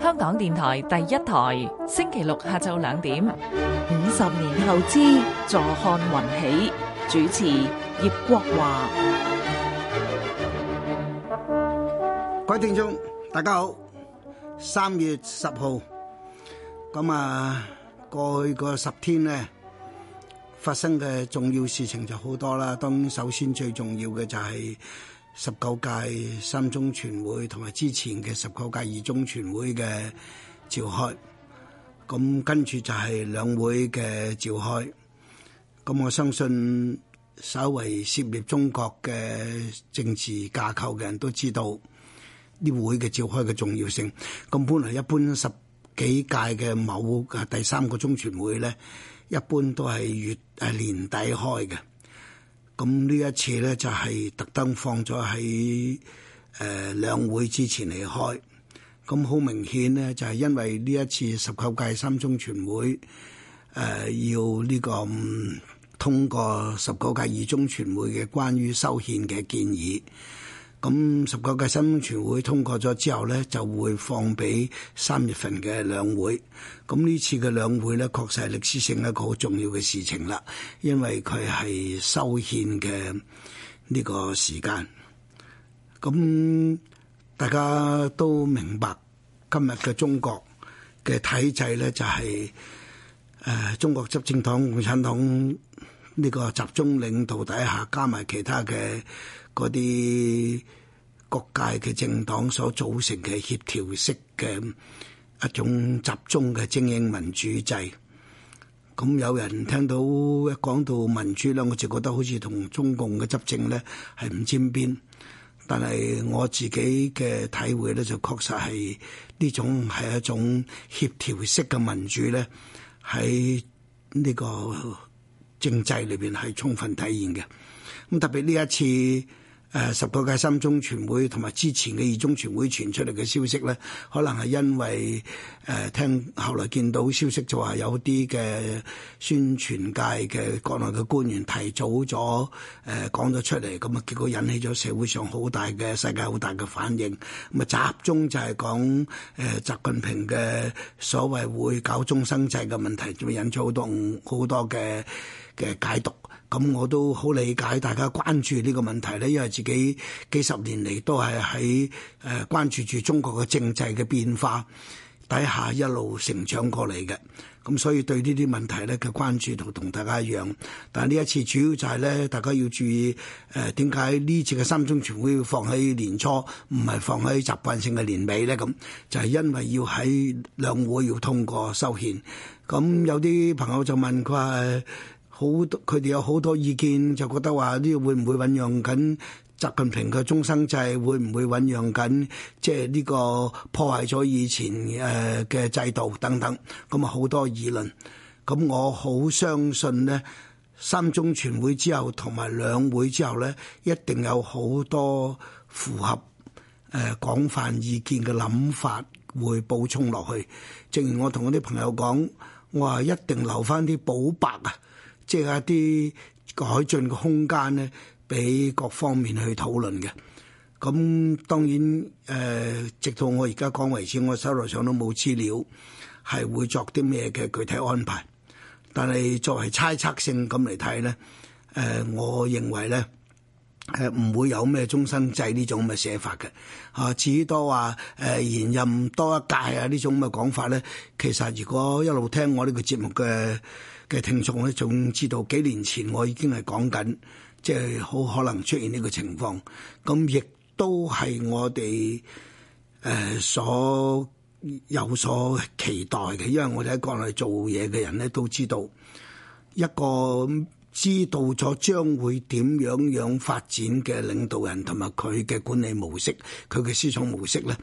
香港電台第一台星期六下晝十九屆三中全會同埋之前嘅十九屆二中全會嘅召開，咁跟住就係兩會嘅召開，咁我相信稍為涉獵中國嘅政治架構嘅人都知道，呢會嘅召開嘅重要性。咁本來一般十幾屆嘅某第三個中全會咧，一般都係月誒年底開嘅。咁呢一次咧就係特登放咗喺誒兩會之前嚟開，咁好明顯咧就係因為呢一次十九屆三中全會誒、呃、要呢、呢個、嗯、通過十九屆二中全會嘅關於修憲嘅建議。咁十九屆三中全會通過咗之後咧，就會放俾三月份嘅兩會。咁呢次嘅兩會咧，確實係歷史性一個好重要嘅事情啦，因為佢係修憲嘅呢個時間。咁大家都明白今日嘅中國嘅體制咧，就係、是、誒、呃、中國執政黨共產黨呢個集中領導底下，加埋其他嘅。嗰啲各界嘅政黨所組成嘅協調式嘅一種集中嘅精英民主制，咁有人聽到一講到民主咧，我就覺得好似同中共嘅執政咧係唔沾邊，但係我自己嘅體會咧，就確實，係呢種係一種協調式嘅民主咧，喺呢個政制裏邊，係充分體現嘅。咁特別呢一次。誒、呃，十八屆三中全會同埋之前嘅二中全會傳出嚟嘅消息咧，可能係因為誒、呃、聽後來見到消息就話有啲嘅宣傳界嘅國內嘅官員提早咗誒、呃、講咗出嚟，咁啊結果引起咗社會上好大嘅世界好大嘅反應，咁啊、嗯、集中就係講誒、呃、習近平嘅所謂會搞終身制嘅問題，仲引起咗好多好多嘅嘅解讀。咁我都好理解大家關注呢個問題咧，因為自己幾十年嚟都係喺誒關注住中國嘅政制嘅變化底下一路成長過嚟嘅，咁所以對呢啲問題咧嘅關注度同大家一樣。但係呢一次主要就係咧，大家要注意誒點解呢次嘅三中全會要放喺年初，唔係放喺習慣性嘅年尾咧？咁就係因為要喺兩會要通過修憲。咁有啲朋友就問佢。好多佢哋有好多意見，就覺得話呢個會唔會醖釀緊習近平嘅終生制？會唔會醖釀緊即係呢個破壞咗以前誒嘅制度等等？咁啊好多議論。咁我好相信咧，三中全會之後同埋兩會之後咧，一定有好多符合誒、呃、廣泛意見嘅諗法會補充落去。正如我同我啲朋友講，我話一定留翻啲補白啊！即係一啲改進嘅空間咧，俾各方面去討論嘅。咁當然誒、呃，直到我而家講為止，我手頭上都冇資料係會作啲咩嘅具體安排。但係作為猜測性咁嚟睇咧，誒、呃，我認為咧，誒、呃、唔會有咩終身制呢種咁嘅寫法嘅。啊、呃，至於多話誒延任多一屆啊呢種咁嘅講法咧，其實如果一路聽我呢個節目嘅嘅聽眾咧，仲知道幾年前我已經係講緊，即係好可能出現呢個情況。咁亦都係我哋誒、呃、所有所期待嘅，因為我哋喺國內做嘢嘅人咧，都知道一個知道咗將會點樣樣發展嘅領導人同埋佢嘅管理模式，佢嘅思想模式咧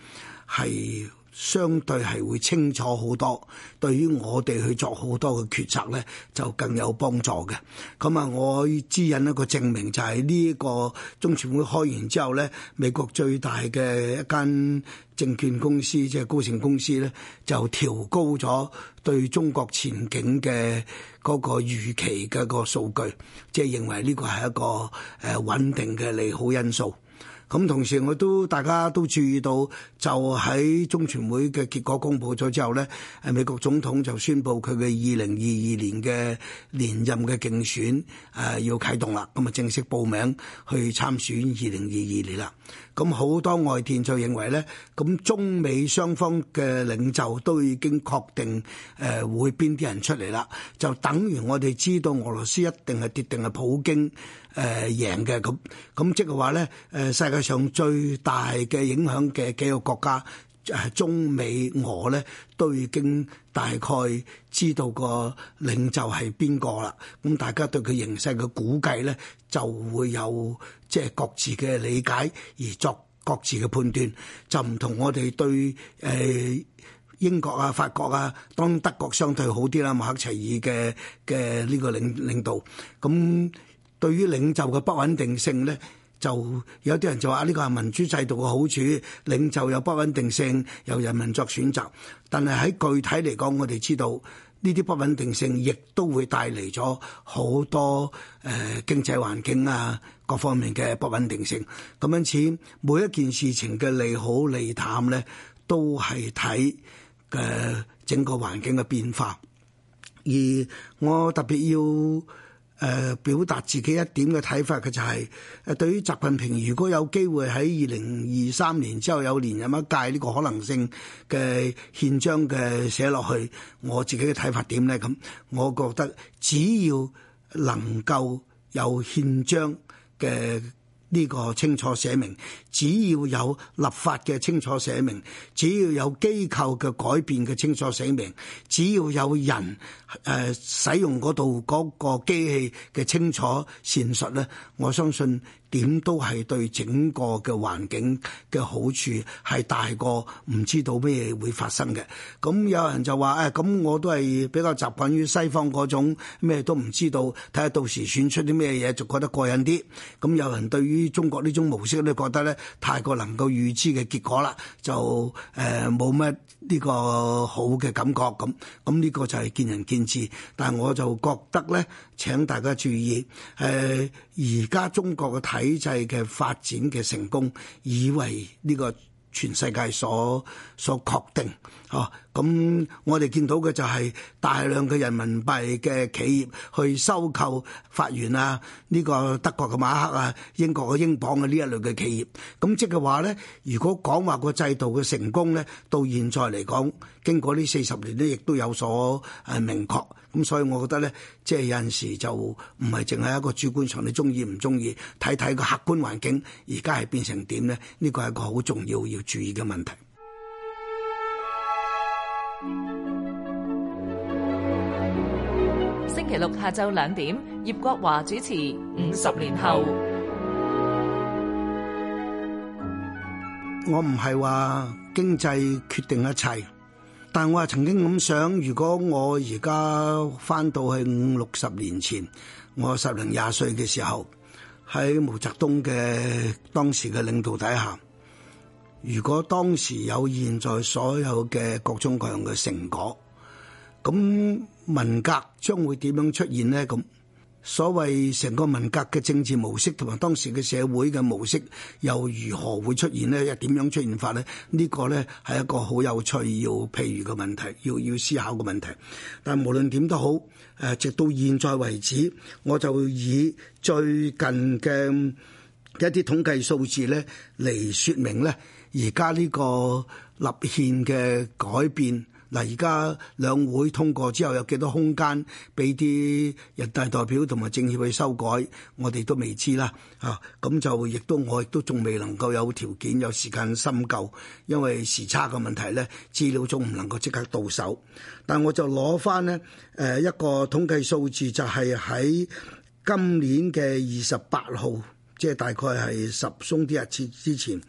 係，相對係會清楚好多，對於我哋去作好多嘅決策咧，就更有幫助嘅。咁啊，我指引一個證明就係呢一個中全會開完之後咧，美國最大嘅一間證券公司即係高盛公司咧，就調高咗對中國前景嘅嗰個預期嘅個數據，即係認為呢個係一個誒穩定嘅利好因素。咁同時，我都大家都注意到，就喺中全會嘅結果公佈咗之後咧，誒美國總統就宣布佢嘅二零二二年嘅連任嘅競選誒要啟動啦，咁啊正式報名去參選二零二二年啦。咁好多外電就認為咧，咁中美雙方嘅領袖都已經確定誒會邊啲人出嚟啦，就等於我哋知道俄羅斯一定係跌定係普京。誒贏嘅咁咁即係話咧，誒世界上最大嘅影響嘅幾個國家，誒中美俄咧，都已經大概知道個領袖係邊個啦。咁大家對佢形勢嘅估計咧，就會有即係各自嘅理解而作各自嘅判斷，就唔同我哋對誒英國啊、法國啊、當德國相對好啲啦，馬克齊爾嘅嘅呢個領領導咁。對於領袖嘅不穩定性咧，就有啲人就話呢個係民主制度嘅好處，領袖有不穩定性，由人民作選擇。但係喺具體嚟講，我哋知道呢啲不穩定性亦都會帶嚟咗好多誒、呃、經濟環境啊各方面嘅不穩定性。咁樣似每一件事情嘅利好利淡咧，都係睇嘅整個環境嘅變化。而我特別要。誒、呃，表達自己一點嘅睇法嘅就係、是、誒、呃，對於習近平，如果有機會喺二零二三年之後有連任一屆呢個可能性嘅憲章嘅寫落去，我自己嘅睇法點咧？咁我覺得只要能夠有憲章嘅。呢個清楚寫明，只要有立法嘅清楚寫明，只要有機構嘅改變嘅清楚寫明，只要有人誒使用嗰度嗰個機器嘅清楚闡述咧，我相信。點都係對整個嘅環境嘅好處係大過唔知道咩會發生嘅。咁有人就話：誒、哎，咁我都係比較習慣於西方嗰種咩都唔知道，睇下到時選出啲咩嘢，就覺得過癮啲。咁有人對於中國呢種模式咧，覺得咧太過能夠預知嘅結果啦，就誒冇咩呢個好嘅感覺。咁咁呢個就係見仁見智，但係我就覺得咧。請大家注意，誒而家中國嘅體制嘅發展嘅成功，已為呢個全世界所所確定。哦，咁、嗯、我哋見到嘅就係大量嘅人民幣嘅企業去收購法元啊，呢、這個德國嘅馬克啊，英國嘅英鎊啊呢一類嘅企業。咁、嗯、即係話咧，如果講話個制度嘅成功咧，到現在嚟講，經過呢四十年咧，亦都有所誒明確。咁、嗯、所以，我覺得咧，即係有陣時就唔係淨係一個主觀上你鍾意唔鍾意，睇睇個客觀環境而家係變成點咧？呢、這個係一個好重要要注意嘅問題。六下晝兩點，葉國華主持《五十年後》。我唔係話經濟決定一切，但係我曾經咁想，如果我而家翻到去五六十年前，我十零廿歲嘅時候，喺毛澤東嘅當時嘅領導底下，如果當時有現在所有嘅各種各樣嘅成果，咁。文革將會點樣出現呢？咁所謂成個文革嘅政治模式，同埋當時嘅社會嘅模式，又如何會出現呢？又點樣出現法呢？呢個呢，係一個好有趣要譬如嘅問題，要要思考嘅問題。但係無論點都好，誒，直到現在為止，我就以最近嘅一啲統計數字呢嚟說明呢，而家呢個立憲嘅改變。嗱，而家兩會通過之後，有幾多空間俾啲人大代表同埋政協去修改，我哋都未知啦。啊，咁就亦都我亦都仲未能夠有條件有時間深究，因為時差嘅問題咧，資料仲唔能夠即刻到手。但我就攞翻呢誒一個統計數字就，就係喺今年嘅二十八號，即係大概係十鬆啲日子之前，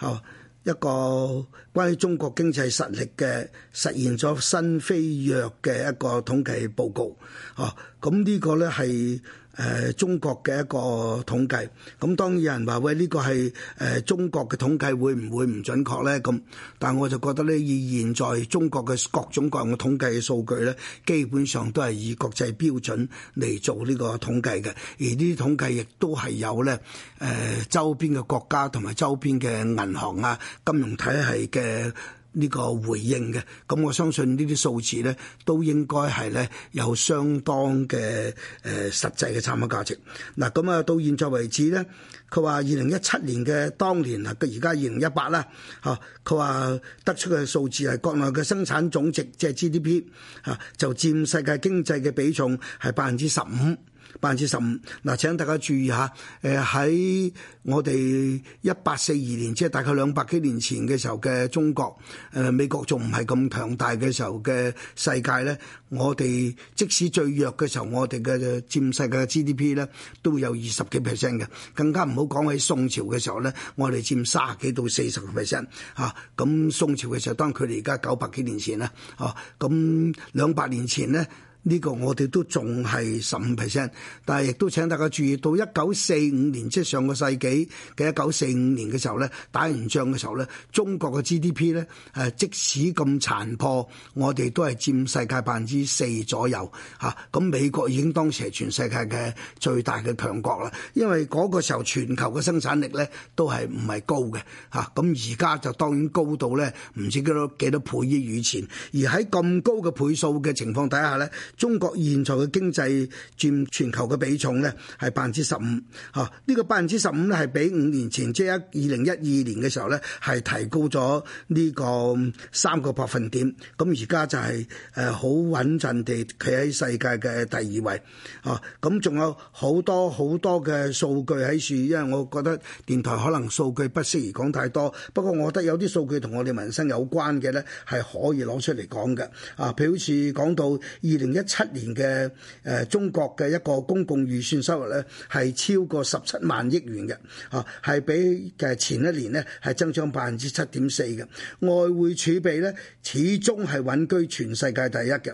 嚇、啊。一個關於中國經濟實力嘅實現咗新飛躍嘅一個統計報告，啊，咁呢個咧係。誒、呃、中國嘅一個統計，咁、嗯、當然有人話喂呢、呢個係誒、呃、中國嘅統計，會唔會唔準確咧？咁但係我就覺得咧，以現在中國嘅各種各樣嘅統計嘅數據咧，基本上都係以國際標準嚟做呢個統計嘅，而呢啲統計亦都係有咧誒、呃、周邊嘅國家同埋周邊嘅銀行啊、金融體系嘅。呢個回應嘅，咁我相信呢啲數字咧，都應該係咧有相當嘅誒、呃、實際嘅參考價值。嗱，咁啊，到現在為止咧，佢話二零一七年嘅當年2018，啊，佢而家二零一八啦，嚇，佢話得出嘅數字係國內嘅生產總值，即係 GDP，嚇、啊，就佔世界經濟嘅比重係百分之十五。百分之十五，嗱，請大家注意下。誒喺我哋一八四二年，即係大概兩百幾年前嘅時候嘅中國，誒美國仲唔係咁強大嘅時候嘅世界咧？我哋即使最弱嘅時候，我哋嘅佔世界嘅 GDP 咧都有二十幾 percent 嘅，更加唔好講喺宋朝嘅時候咧，我哋佔卅幾到四十 percent 嚇。咁宋朝嘅時候，當然佢哋而家九百幾年前啦，哦，咁兩百年前咧。呢個我哋都仲係十五 percent，但係亦都請大家注意，到一九四五年，即係上個世紀嘅一九四五年嘅時候咧，打完仗嘅時候咧，中國嘅 GDP 咧，誒即使咁殘破，我哋都係佔世界百分之四左右嚇。咁美國已經當時係全世界嘅最大嘅強國啦，因為嗰個時候全球嘅生產力咧都係唔係高嘅嚇。咁而家就當然高到咧唔知幾多幾多倍於以前，而喺咁高嘅倍數嘅情況底下咧。中國現在嘅經濟佔全球嘅比重咧係百分之十五，嚇呢、啊呢個百分之十五咧係比五年前即係一二零一二年嘅時候咧係提高咗呢個三個百分點。咁而家就係誒好穩陣地企喺世界嘅第二位，嚇咁仲有好多好多嘅數據喺樹，因為我覺得電台可能數據不適宜講太多。不過我覺得有啲數據同我哋民生有關嘅咧係可以攞出嚟講嘅，啊，譬如好似講到二零一七年嘅誒中國嘅一個公共預算收入咧，係超過十七萬億元嘅，啊係比嘅前一年咧係增長百分之七點四嘅。外匯儲備咧始終係穩居全世界第一嘅。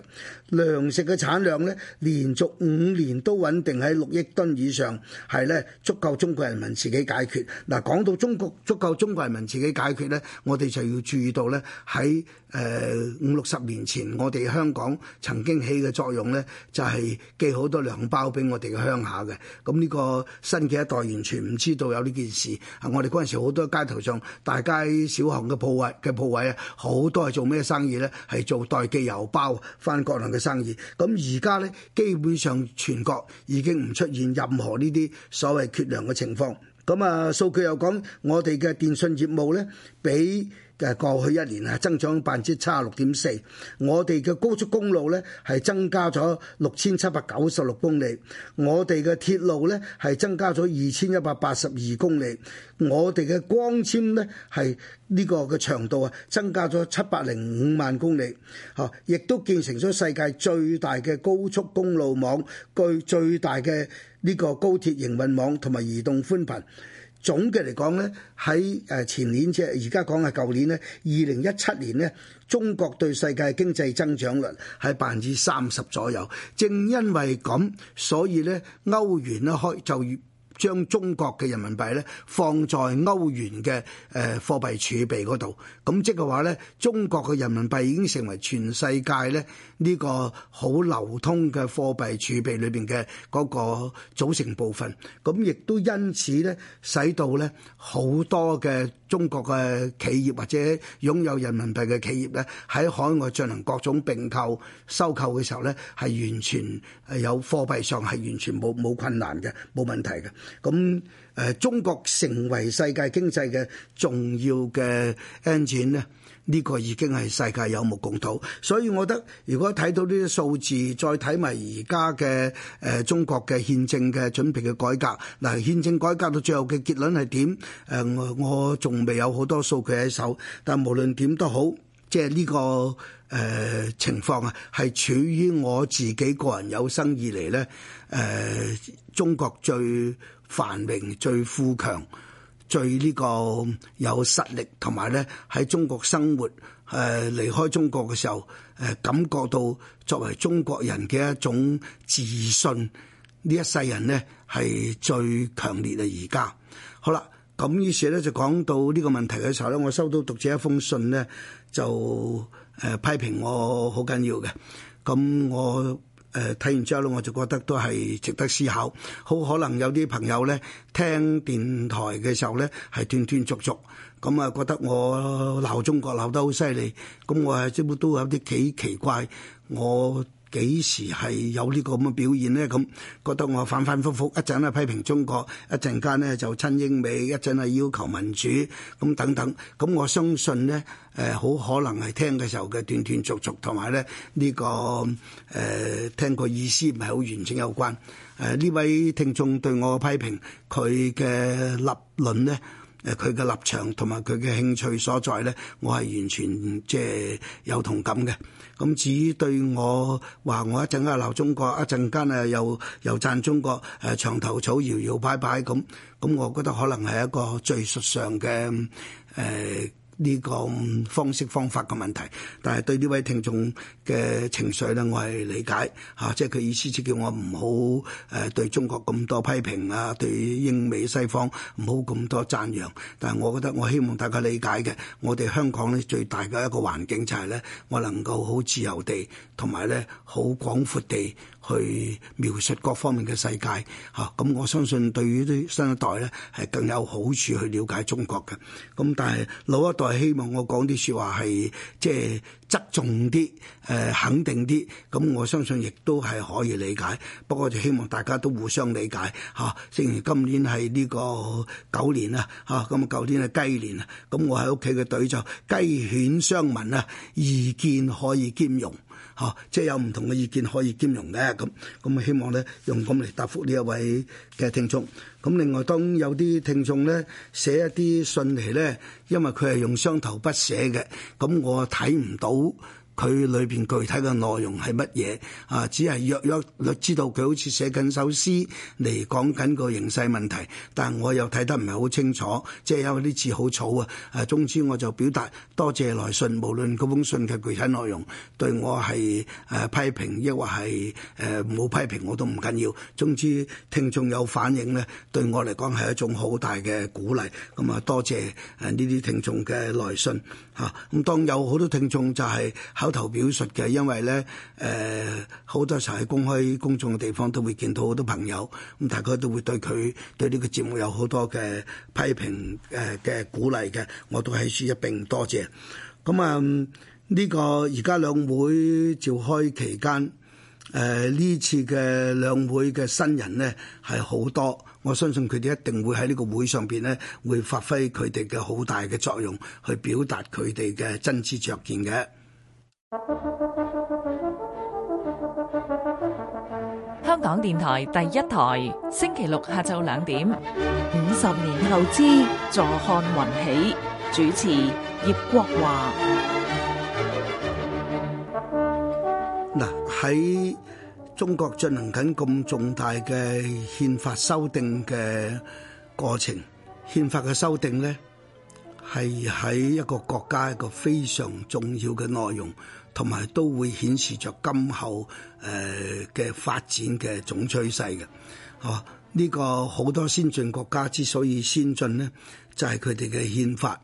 糧食嘅產量咧連續五年都穩定喺六億噸以上，係咧足夠中國人民自己解決嗱。講到中國足夠中國人民自己解決咧，我哋就要注意到咧喺誒五六十年前，我哋香港曾經起嘅。作用咧就係、是、寄好多糧包俾我哋嘅鄉下嘅，咁呢個新嘅一代完全唔知道有呢件事。我哋嗰陣時好多街頭上大街小巷嘅鋪位嘅鋪位啊，好多係做咩生意咧？係做代寄郵包翻國內嘅生意。咁而家咧基本上全國已經唔出現任何呢啲所謂缺糧嘅情況。咁啊數據又講我哋嘅電信業務咧俾嘅過去一年啊，增長百分之七十六點四。我哋嘅高速公路咧，係增加咗六千七百九十六公里；我哋嘅鐵路咧，係增加咗二千一百八十二公里；我哋嘅光纖咧，係呢個嘅長度啊，增加咗七百零五萬公里。嚇，亦都建成咗世界最大嘅高速公路網，最最大嘅呢個高鐵營運網同埋移動寬頻。總嘅嚟講咧，喺誒前年即係而家講嘅舊年咧，二零一七年咧，中國對世界經濟增長率係百分之三十左右。正因為咁，所以咧歐元咧開就將中國嘅人民幣咧放在歐元嘅誒貨幣儲備嗰度，咁即係話咧，中國嘅人民幣已經成為全世界咧呢個好流通嘅貨幣儲備裏邊嘅嗰個組成部分，咁亦都因此咧使到咧好多嘅。中國嘅企業或者擁有人民幣嘅企業咧，喺海外進行各種並購、收購嘅時候咧，係完全係有貨幣上係完全冇冇困難嘅、冇問題嘅。咁誒、呃，中國成為世界經濟嘅重要嘅 engine。呢個已經係世界有目共睹，所以我覺得如果睇到呢啲數字，再睇埋而家嘅誒中國嘅憲政嘅準備嘅改革，嗱、呃、憲政改革到最後嘅結論係點？誒、呃、我我仲未有好多數據喺手，但無論點都好，即係呢個誒、呃、情況啊，係處於我自己個人有生以嚟咧，誒、呃、中國最繁榮最富強。最呢個有實力，同埋咧喺中國生活，誒、呃、離開中國嘅時候，誒、呃、感覺到作為中國人嘅一種自信，呢一世人咧係最強烈嘅。而家好啦，咁於是咧就講到呢個問題嘅時候咧，我收到讀者一封信咧，就誒批評我好緊要嘅，咁我。誒睇、呃、完之後咧，我就覺得都係值得思考。好可能有啲朋友咧聽電台嘅時候咧係斷斷續續，咁、嗯、啊覺得我鬧中國鬧得好犀利，咁、嗯、我係即本都有啲幾奇怪我。幾時係有呢個咁嘅表現咧？咁覺得我反反覆覆，覆一陣咧批評中國，一陣間咧就親英美，一陣係要求民主，咁等等。咁我相信咧，誒好可能係聽嘅時候嘅斷斷續續，同埋咧呢、呢個誒、呃、聽個意思唔係好完整有關。誒、呃、呢位聽眾對我嘅批評，佢嘅立論咧，誒佢嘅立場同埋佢嘅興趣所在咧，我係完全即係、呃、有同感嘅。咁至於對我話我一陣間鬧中國，一陣間啊又又讚中國，誒牆頭草搖搖擺擺咁，咁我覺得可能係一個技術上嘅誒呢個方式方法嘅問題，但係對呢位聽眾嘅情緒咧，我係理解嚇，即係佢意思即叫我唔好誒對中國咁多批評啊，對英美西方唔好咁多讚揚。但係我覺得我希望大家理解嘅，我哋香港咧最大嘅一個環境就係咧，我能夠好自由地同埋咧好廣闊地去描述各方面嘅世界嚇。咁我相信對於啲新一代咧係更有好處去了解中國嘅。咁但係老一代，我希望我講啲說話係即係側重啲，誒、呃、肯定啲，咁我相信亦都係可以理解。不過就希望大家都互相理解吓，正、啊、如今年係呢個狗年啦，吓，咁啊舊年係雞年啊，咁我喺屋企嘅隊就雞犬相聞啊，意見可以兼容。啊，即係有唔同嘅意見可以兼容嘅，咁咁希望咧用咁嚟答覆呢一位嘅聽眾。咁另外，當有啲聽眾咧寫一啲信嚟咧，因為佢係用雙頭筆寫嘅，咁我睇唔到。佢裏邊具體嘅內容係乜嘢啊？只係約約知道佢好似寫緊首詩嚟講緊個形勢問題，但係我又睇得唔係好清楚，即係因為啲字好草啊。誒，總之我就表達多謝來信，無論封信嘅具體內容，對我係誒批評抑或係誒冇批評，我都唔緊要。總之聽眾有反應咧，對我嚟講係一種好大嘅鼓勵。咁啊，多謝誒呢啲聽眾嘅來信嚇。咁當有好多聽眾就係、是。口頭表述嘅，因為咧，誒、呃，好多時候喺公開公眾嘅地方都會見到好多朋友，咁大家都會對佢對呢個節目有好多嘅批評誒嘅、呃、鼓勵嘅，我都係一併多謝。咁、嗯、啊，呢、這個而家兩會召開期間，誒、呃、呢次嘅兩會嘅新人咧係好多，我相信佢哋一定會喺呢個會上邊咧會發揮佢哋嘅好大嘅作用，去表達佢哋嘅真知灼見嘅。香港電台第一台，星期六下晝兩點。五十年後之，坐看雲起。主持：葉國華。嗱，喺中國進行緊咁重大嘅憲法修訂嘅過程，憲法嘅修訂咧，係喺一個國家一個非常重要嘅內容，同埋都會顯示着今後誒嘅、呃、發展嘅總趨勢嘅。哦、啊，呢、這個好多先進國家之所以先進咧，就係佢哋嘅憲法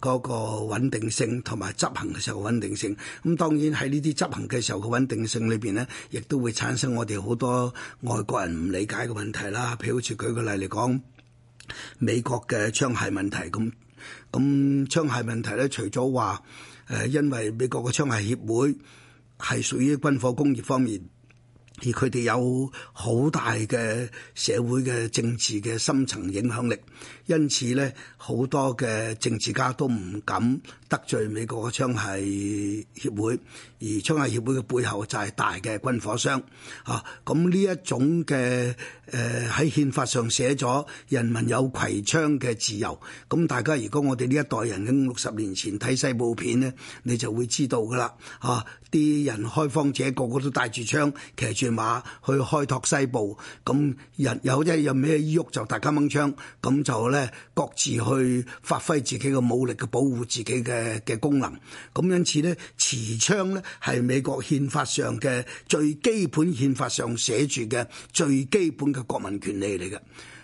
嗰個穩定性，同埋執行嘅時候穩定性。咁、嗯、當然喺呢啲執行嘅時候嘅穩定性裏邊咧，亦都會產生我哋好多外國人唔理解嘅問題啦。譬如好似舉個例嚟講，美國嘅槍械問題咁。嗯咁槍械問題咧，除咗話誒，因為美國嘅槍械協會係屬於軍火工業方面。而佢哋有好大嘅社會嘅政治嘅深層影響力，因此咧好多嘅政治家都唔敢得罪美國嘅槍械協會，而槍械協會嘅背後就係大嘅軍火商啊，咁呢一種嘅誒喺憲法上寫咗人民有攜槍嘅自由。咁大家如果我哋呢一代人嘅五六十年前睇西部片咧，你就會知道噶啦嚇。啊，啲人開荒者個個都帶住槍騎住馬去開拓西部，咁日有即係有咩一喐就大家掹槍，咁就咧各自去發揮自己嘅武力嘅保護自己嘅嘅功能。咁因此咧持槍咧係美國憲法上嘅最基本憲法上寫住嘅最基本嘅國民權利嚟嘅。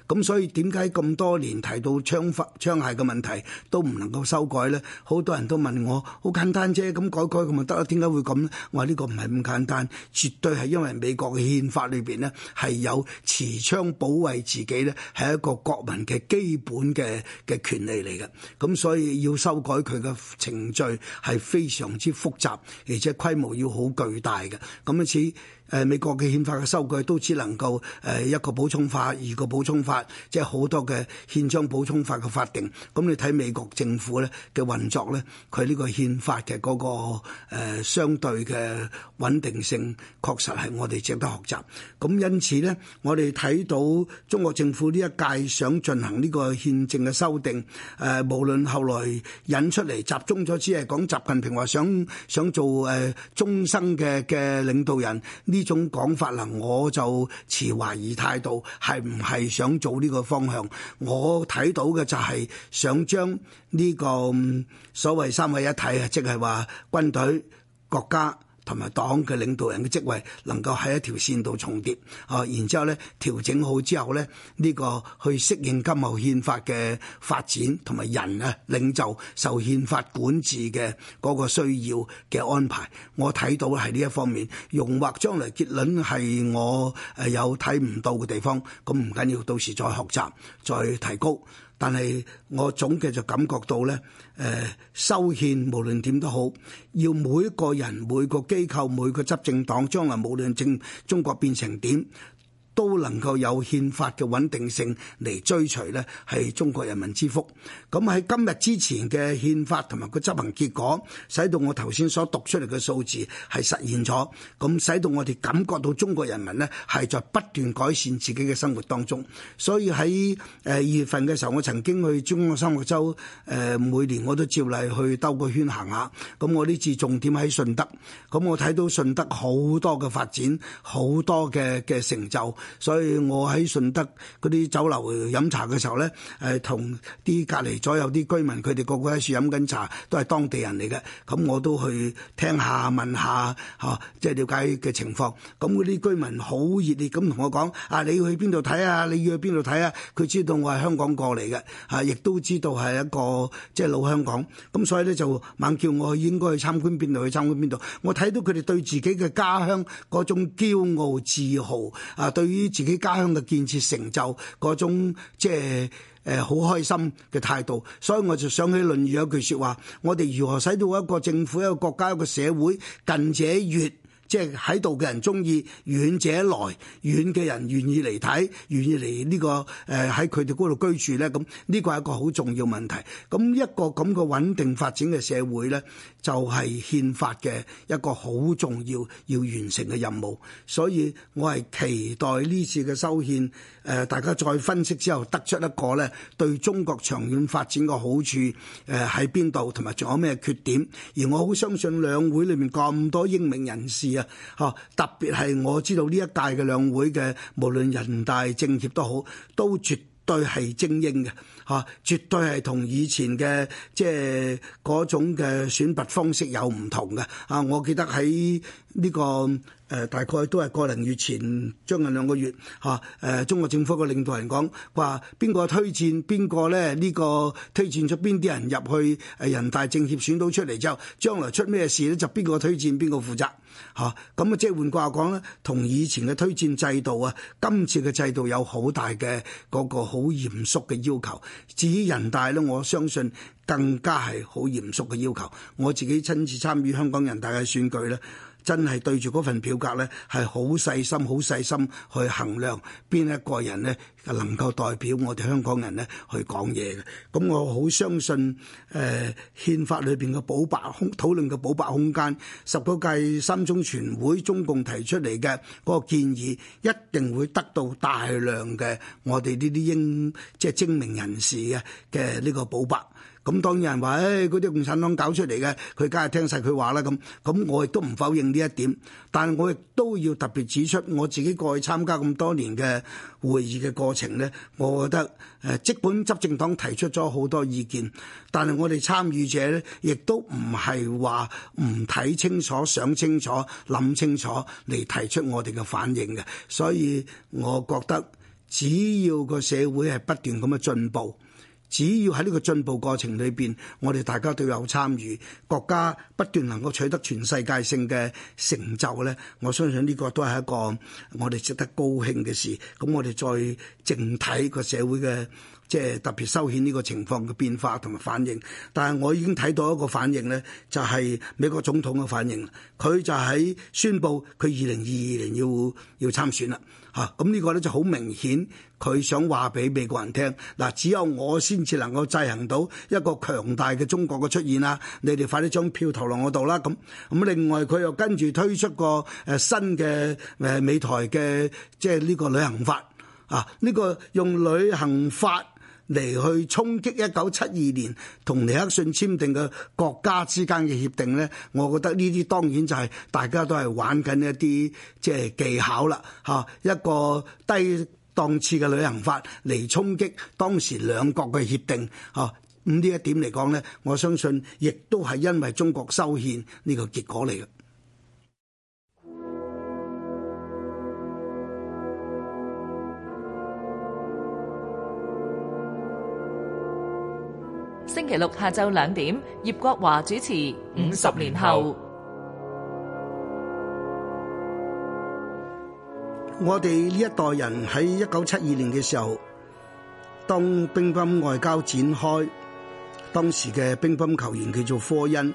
咁所以點解咁多年提到槍法槍械嘅問題都唔能夠修改呢？好多人都問我，好簡單啫，咁改改咁咪得啦？點解會咁呢？我話呢個唔係咁簡單，絕對係因為美國嘅憲法裏邊呢係有持槍保衞自己呢係一個國民嘅基本嘅嘅權利嚟嘅。咁所以要修改佢嘅程序係非常之複雜，而且規模要好巨大嘅。咁樣似。誒，美國嘅憲法嘅修改都只能夠誒，一個補充法，二個補充法，即係好多嘅憲章補充法嘅法定。咁你睇美國政府咧嘅運作咧，佢呢個憲法嘅嗰個誒，相對嘅穩定性，確實係我哋值得學習。咁因此咧，我哋睇到中國政府呢一屆想進行呢個憲政嘅修訂，誒無論後來引出嚟集中咗，只係講習近平話想想做誒，終生嘅嘅領導人。呢種講法啦，我就持懷疑態度，係唔係想做呢個方向？我睇到嘅就係想將呢個所謂三位一體啊，即係話軍隊國家、同埋黨嘅領導人嘅職位能夠喺一條線度重疊啊，然之後咧調整好之後咧呢、呢個去適應今後憲法嘅發展，同埋人啊領袖受憲法管治嘅嗰個需要嘅安排，我睇到係呢一方面，容或將來結論係我誒有睇唔到嘅地方，咁唔緊要，到時再學習再提高。但係我總嘅就感覺到咧，誒、呃、修憲無論點都好，要每個人、每個機構、每個執政黨將來無論政中國變成點。都能夠有憲法嘅穩定性嚟追隨咧，係中國人民之福。咁喺今日之前嘅憲法同埋個執行結果，使到我頭先所讀出嚟嘅數字係實現咗，咁使到我哋感覺到中國人民呢係在不斷改善自己嘅生活當中。所以喺誒二月份嘅時候，我曾經去珠江三角洲誒、呃，每年我都照例去兜個圈行下。咁我呢次重點喺順德，咁我睇到順德好多嘅發展，好多嘅嘅成就。所以我喺順德嗰啲酒樓飲茶嘅時候咧，誒同啲隔離左右啲居民，佢哋個個喺處飲緊茶，都係當地人嚟嘅。咁我都去聽下問下，吓，即係了解嘅情況，咁嗰啲居民好熱烈咁同我講啊，你要去邊度睇啊？你要去邊度睇啊？佢知道我係香港過嚟嘅，啊，亦都知道係一個即係老香港。咁所以咧就猛叫我去應該去參觀邊度，去參觀邊度。我睇到佢哋對自己嘅家鄉嗰種驕傲自豪，啊，對。於自己家鄉嘅建設成就嗰種即係誒好開心嘅態度，所以我就想起《論語》有句說話：我哋如何使到一個政府、一個國家、一個社會近者悅。即係喺度嘅人中意，遠者來，遠嘅人願意嚟睇，願意嚟呢、呢個誒喺佢哋度居住咧。咁呢個係一個好重要問題，咁一個咁嘅穩定發展嘅社會咧，就係、係、憲法嘅一個好重要要完成嘅任務，所以，我係期待呢次嘅修憲誒、呃、大家再分析之後得出一個咧對中國長遠發展嘅好處誒喺邊度，同埋仲有咩缺點，而我好相信兩會裏面咁多英明人士啊！吓，特別係我知道呢一屆嘅兩會嘅，無論人大政協都好，都絕對係精英嘅。吓，啊，絕對係同以前嘅即係嗰種嘅選拔方式有唔同嘅。啊！我記得喺呢個誒、呃、大概都係個零月前，將近兩個月嚇。誒、啊呃，中國政府個領導人講話，邊個推薦邊個咧？呢個推薦咗邊啲人入去誒人大政協選到出嚟之後，將來出咩事咧？就邊個推薦邊個負責嚇。咁啊，啊，即係換句話講咧，同以前嘅推薦制度啊，今次嘅制度有好大嘅嗰個好嚴肅嘅要求。至於人大咧，我相信更加係好嚴肅嘅要求。我自己親自參與香港人大嘅選舉咧。真係對住嗰份表格咧，係好細心、好細心去衡量邊一個人咧能夠代表我哋香港人咧去講嘢嘅。咁我好相信誒、呃、憲法裏邊嘅補白空討論嘅補白空間，十九屆三中全會中共提出嚟嘅嗰個建議，一定會得到大量嘅我哋呢啲英即係、就是、精明人士嘅嘅呢個補白。咁當然人話，誒嗰啲共產黨搞出嚟嘅，佢梗係聽晒佢話啦。咁，咁我亦都唔否認呢一點，但係我亦都要特別指出，我自己過去參加咁多年嘅會議嘅過程呢，我覺得誒，即使執政黨提出咗好多意見，但係我哋參與者呢，亦都唔係話唔睇清楚、想清楚、諗清楚嚟提出我哋嘅反應嘅。所以，我覺得只要個社會係不斷咁嘅進步。只要喺呢個進步過程裏邊，我哋大家都有參與，國家不斷能夠取得全世界性嘅成就咧，我相信呢個都係一個我哋值得高興嘅事。咁我哋再靜睇個社會嘅。即係特別修憲呢個情況嘅變化同埋反應，但係我已經睇到一個反應呢，就係、是、美國總統嘅反應。佢就喺宣布佢二零二二年要要參選啦，嚇、啊！咁呢個呢就好明顯，佢想話俾美國人聽，嗱，只有我先至能夠制衡到一個強大嘅中國嘅出現啦！你哋快啲將票投落我度啦！咁咁另外佢又跟住推出個誒新嘅誒美台嘅即係呢個旅行法啊，呢、這個用旅行法。嚟去衝擊一九七二年同尼克遜簽訂嘅國家之間嘅協定呢，我覺得呢啲當然就係、是、大家都係玩緊一啲即係技巧啦，嚇一個低檔次嘅旅行法嚟衝擊當時兩國嘅協定，嚇咁呢一點嚟講呢，我相信亦都係因為中國修憲呢個結果嚟嘅。星期六下晝兩點，葉國華主持《五十年後》。我哋呢一代人喺一九七二年嘅時候，當乒乓外交展開，當時嘅乒乓球員叫做科恩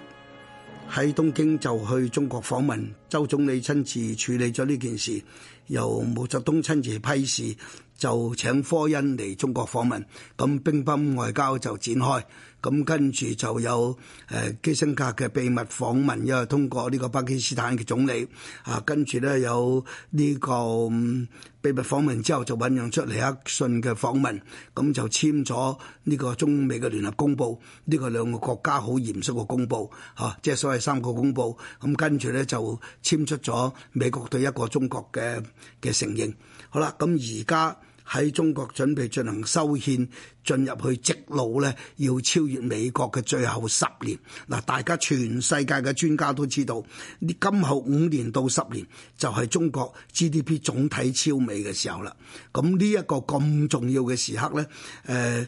喺東京就去中國訪問，周總理親自處理咗呢件事，由毛澤東親自批示。就請科恩嚟中國訪問，咁乒乓外交就展開，咁跟住就有誒基辛格嘅秘密訪問，因為通過呢個巴基斯坦嘅總理，啊，跟住咧有呢個秘密訪問之後就醞釀出尼克遜嘅訪問，咁就簽咗呢個中美嘅聯合公佈，呢個兩個國家好嚴肅嘅公佈，嚇，即係所謂三個公佈，咁跟住咧就簽出咗美國對一個中國嘅嘅承認，好啦，咁而家。喺中國準備進行修憲，進入去直路咧，要超越美國嘅最後十年。嗱，大家全世界嘅專家都知道，今後五年到十年就係、是、中國 GDP 總體超美嘅時候啦。咁呢一個咁重要嘅時刻咧，誒、呃、呢、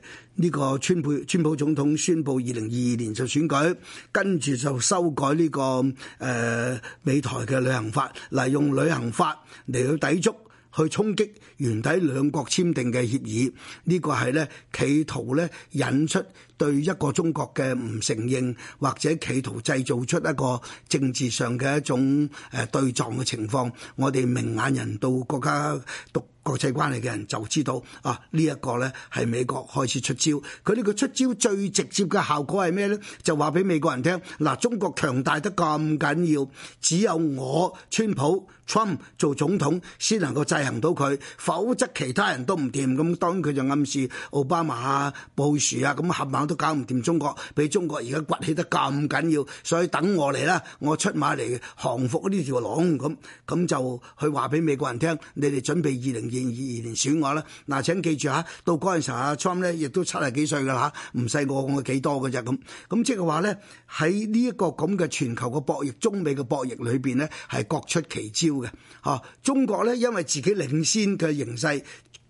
這個川普川普總統宣布二零二二年就選舉，跟住就修改呢、這個誒、呃、美台嘅旅行法，嚟用旅行法嚟去抵觸。去衝擊原底兩國簽訂嘅協議，呢個係咧企圖咧引出對一個中國嘅唔承認，或者企圖製造出一個政治上嘅一種誒對撞嘅情況。我哋明眼人到國家獨。國際關係嘅人就知道啊，呢、這、一個咧係美國開始出招。佢呢個出招最直接嘅效果係咩呢？就話俾美國人聽，嗱，中國強大得咁緊要，只有我川普 Trump 做總統先能夠制衡到佢，否則其他人都唔掂。咁當然佢就暗示奧巴馬、布殊啊，咁冚唪唥都搞唔掂中國。俾中國而家崛起得咁緊要，所以等我嚟啦，我出馬嚟降服呢條狼。咁咁就去話俾美國人聽，你哋準備二零。二二年選我啦，嗱請記住吓。到嗰陣時阿 Trump 咧亦都七十幾歲噶啦，唔細過我幾多㗎啫咁。咁即係話咧喺呢一個咁嘅全球嘅博弈，中美嘅博弈裏邊咧係各出奇招嘅。嚇，中國咧因為自己領先嘅形勢、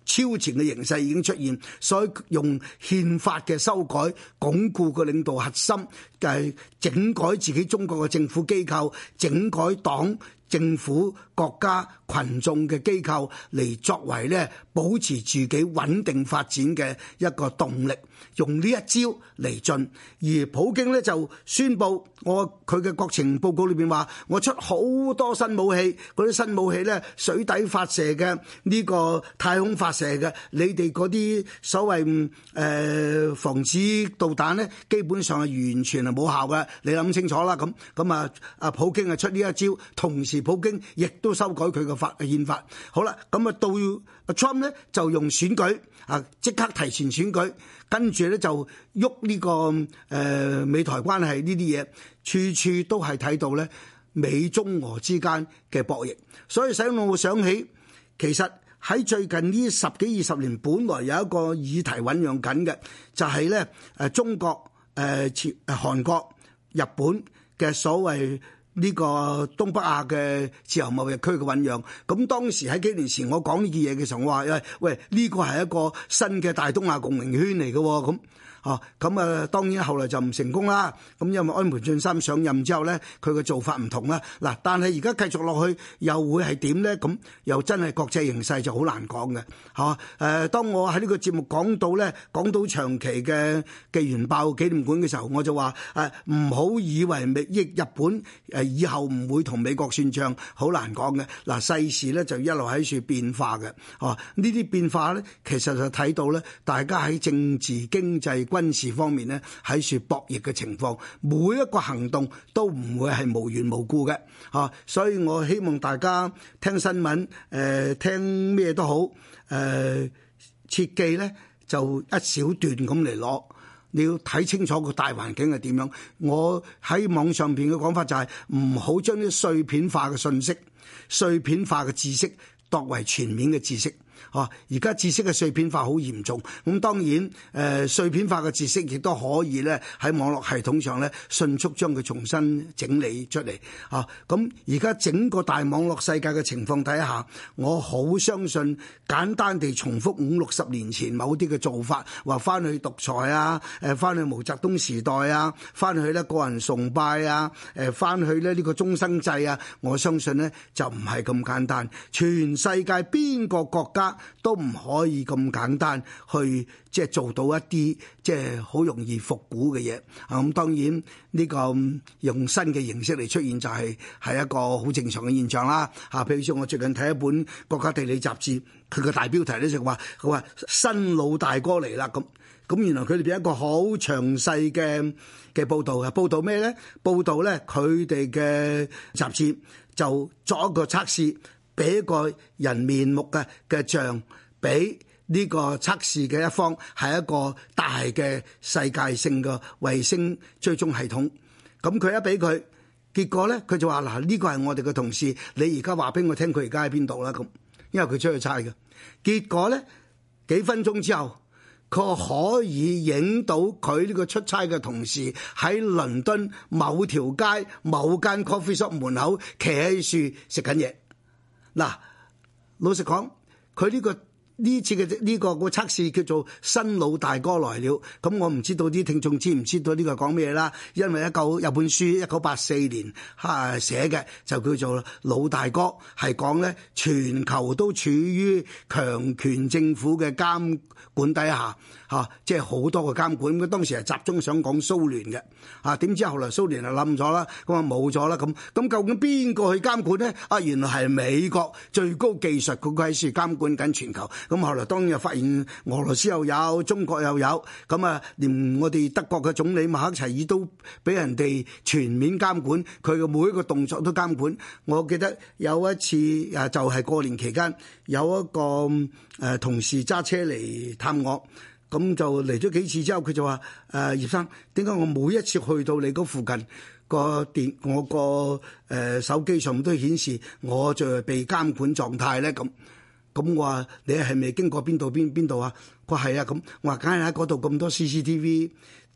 超前嘅形勢已經出現，所以用憲法嘅修改、鞏固個領導核心，就係整改自己中國嘅政府機構、整改黨。政府、國家、羣眾嘅機構嚟作為咧，保持自己穩定發展嘅一個動力，用呢一招嚟進。而普京咧就宣布，我佢嘅國情報告裏邊話，我出好多新武器，嗰啲新武器咧水底發射嘅，呢個太空發射嘅，你哋嗰啲所謂誒防止導彈咧，基本上係完全係冇效嘅。你諗清楚啦，咁咁啊，啊普京啊出呢一招，同時。普京亦都修改佢嘅法憲法，好啦，咁啊到阿 Trump 咧就用選舉啊，即刻提前選舉，跟住咧就喐呢個誒美台關係呢啲嘢，處處都係睇到咧美中俄之間嘅博弈，所以使我想起，其實喺最近呢十幾二十年，本來有一個議題醖釀緊嘅，就係咧誒中國誒朝韓國日本嘅所謂。呢個東北亞嘅自由貿易區嘅醖釀，咁當時喺幾年前我講呢件嘢嘅時候，我話：喂喂，呢個係一個新嘅大東亞共榮圈嚟嘅咁。哦，咁啊，當然後來就唔成功啦。咁因為安倍晉三上任之後咧，佢嘅做法唔同啦。嗱，但係而家繼續落去又會係點咧？咁又真係國際形勢就好難講嘅。嚇，誒，當我喺呢個節目講到咧，講到長期嘅嘅原爆紀念館嘅時候，我就話誒，唔好以為美日日本誒以後唔會同美國算賬，好難講嘅。嗱、啊，世事咧就一路喺處變化嘅。哦，呢啲變化咧，其實就睇到咧，大家喺政治經濟。軍事方面咧，喺説博弈嘅情況，每一個行動都唔會係無緣無故嘅，啊！所以我希望大家聽新聞，誒、呃、聽咩都好，誒切記咧就一小段咁嚟攞，你要睇清楚個大環境係點樣。我喺網上邊嘅講法就係唔好將啲碎片化嘅信息、碎片化嘅知識，作為全面嘅知識。哦，而家知識嘅碎片化好嚴重，咁當然，誒碎片化嘅知識亦都可以咧喺網絡系統上咧迅速將佢重新整理出嚟。啊，咁而家整個大網絡世界嘅情況底下，我好相信簡單地重複五六十年前某啲嘅做法，話翻去獨裁啊，誒翻去毛澤東時代啊，翻去咧個人崇拜啊，誒翻去咧呢個終生制啊，我相信咧就唔係咁簡單。全世界邊個國家，都唔可以咁簡單去即係做到一啲即係好容易復古嘅嘢。咁當然呢個用新嘅形式嚟出現就係係一個好正常嘅現象啦。啊，譬如說我最近睇一本《國家地理》雜誌，佢個大標題咧就話：佢話新老大哥嚟啦咁。咁原來佢裏面一個好詳細嘅嘅報導嘅。報導咩咧？報導咧佢哋嘅雜誌就作一個測試。俾一個人面目嘅嘅像俾呢個測試嘅一方，係一個大嘅世界性嘅衛星追蹤系統。咁佢一俾佢，結果咧佢就話：嗱，呢個係我哋嘅同事，你而家話俾我聽佢而家喺邊度啦？咁因為佢出去差嘅。結果咧，幾分鐘之後，佢可以影到佢呢個出差嘅同事喺倫敦某條街某間 coffee shop 門口企喺樹食緊嘢。嗱，老實講，佢呢個呢次嘅呢個個測試叫做新老大哥來了。咁我唔知道啲聽眾知唔知道呢個講咩啦？因為一九有本書，一九八四年哈寫嘅就叫做老大哥，係講呢全球都處於強權政府嘅監管底下。嚇、啊，即係好多個監管。咁當時係集中想講蘇聯嘅，嚇點知後嚟蘇聯就冧咗啦。咁話冇咗啦咁。咁究竟邊個去監管呢？啊，原來係美國最高技術佢喺處監管緊全球。咁、啊、後來當然又發現俄羅斯又有，中國又有。咁啊，連我哋德國嘅總理馬克齊爾都俾人哋全面監管，佢嘅每一個動作都監管。我記得有一次啊，就係、是、過年期間，有一個誒、呃、同事揸車嚟探我。咁就嚟咗幾次之後，佢就話：誒、啊、葉生，點解我每一次去到你嗰附近個電，我個誒、呃、手機上面都顯示我就係被監管狀態咧？咁咁我話你係咪經過邊度邊邊度啊？佢係啊，咁我話梗係喺嗰度咁多 CCTV。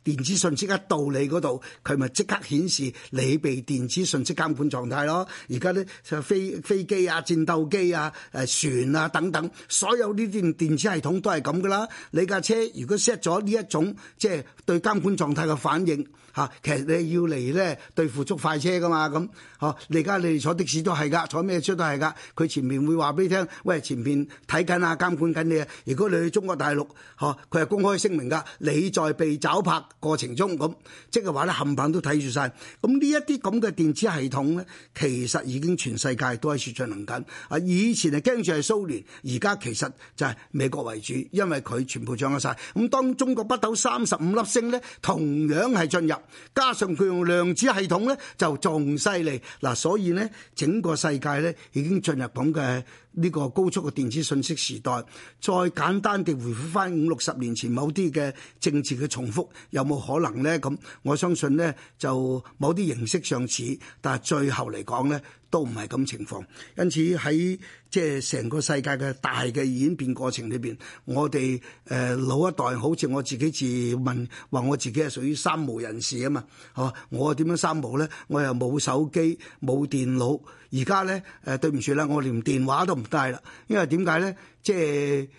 電子信息一到你嗰度，佢咪即刻顯示你被電子信息監管狀態咯。而家咧就飛飛機啊、戰鬥機啊、誒船啊等等，所有呢啲電子系統都係咁噶啦。你架車如果 set 咗呢一種即係、就是、對監管狀態嘅反應。嚇，其實你要嚟咧對付捉快車噶嘛咁，嗬！你而家你哋坐的士都係噶，坐咩車都係噶。佢前面會話俾你聽，喂，前面睇緊啊，監管緊你啊。如果你去中國大陸，嗬，佢係公開聲明噶，你在被抓拍過程中咁，即係話咧冚唪唥都睇住晒。咁呢一啲咁嘅電子系統咧，其實已經全世界都喺度進行緊。啊，以前係驚住係蘇聯，而家其實就係美國為主，因為佢全部掌握晒。咁當中國北斗三十五粒星咧，同樣係進入。加上佢用量子系統咧，就仲犀利嗱，所以咧整個世界咧已經進入咁嘅。呢個高速嘅電子信息時代，再簡單地回覆返五六十年前某啲嘅政治嘅重複，有冇可能咧？咁我相信咧，就某啲形式上似，但係最後嚟講咧，都唔係咁情況。因此喺即係成個世界嘅大嘅演變過程裏邊，我哋誒、呃、老一代好似我自己自問話，我自己係屬於三無人士啊嘛。哦，我點樣三無咧？我又冇手機，冇電腦。而家咧，誒對唔住啦，我連電話都唔帶啦，因為點解咧？即係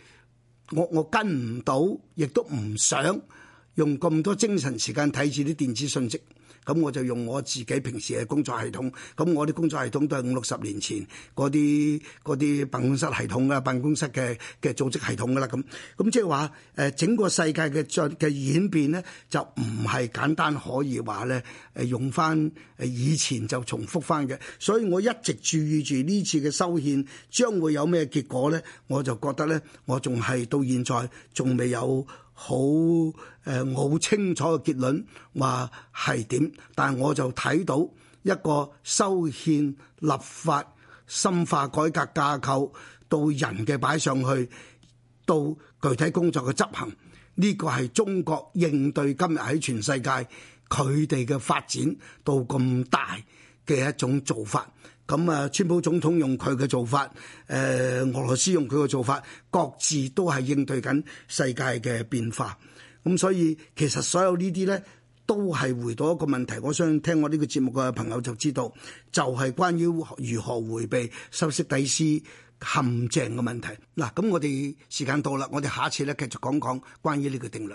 我我跟唔到，亦都唔想用咁多精神時間睇住啲電子信息。咁我就用我自己平時嘅工作系統，咁我啲工作系統都係五六十年前嗰啲嗰啲辦公室系統啊，辦公室嘅嘅組織系統噶啦咁，咁即係話誒整個世界嘅作嘅演變咧，就唔係簡單可以話咧誒用翻誒以前就重複翻嘅，所以我一直注意住呢次嘅修憲將會有咩結果咧，我就覺得咧，我仲係到現在仲未有。好，誒，咁啊，川普總統用佢嘅做法，誒、呃、俄羅斯用佢嘅做法，各自都係應對緊世界嘅變化。咁所以其實所有呢啲咧，都係回到一個問題，我想聽我呢個節目嘅朋友就知道，就係、是、關於如何回避修昔底斯陷阱嘅問題，嗱，咁我哋時間到啦，我哋下一次咧繼續講講關於呢個定律。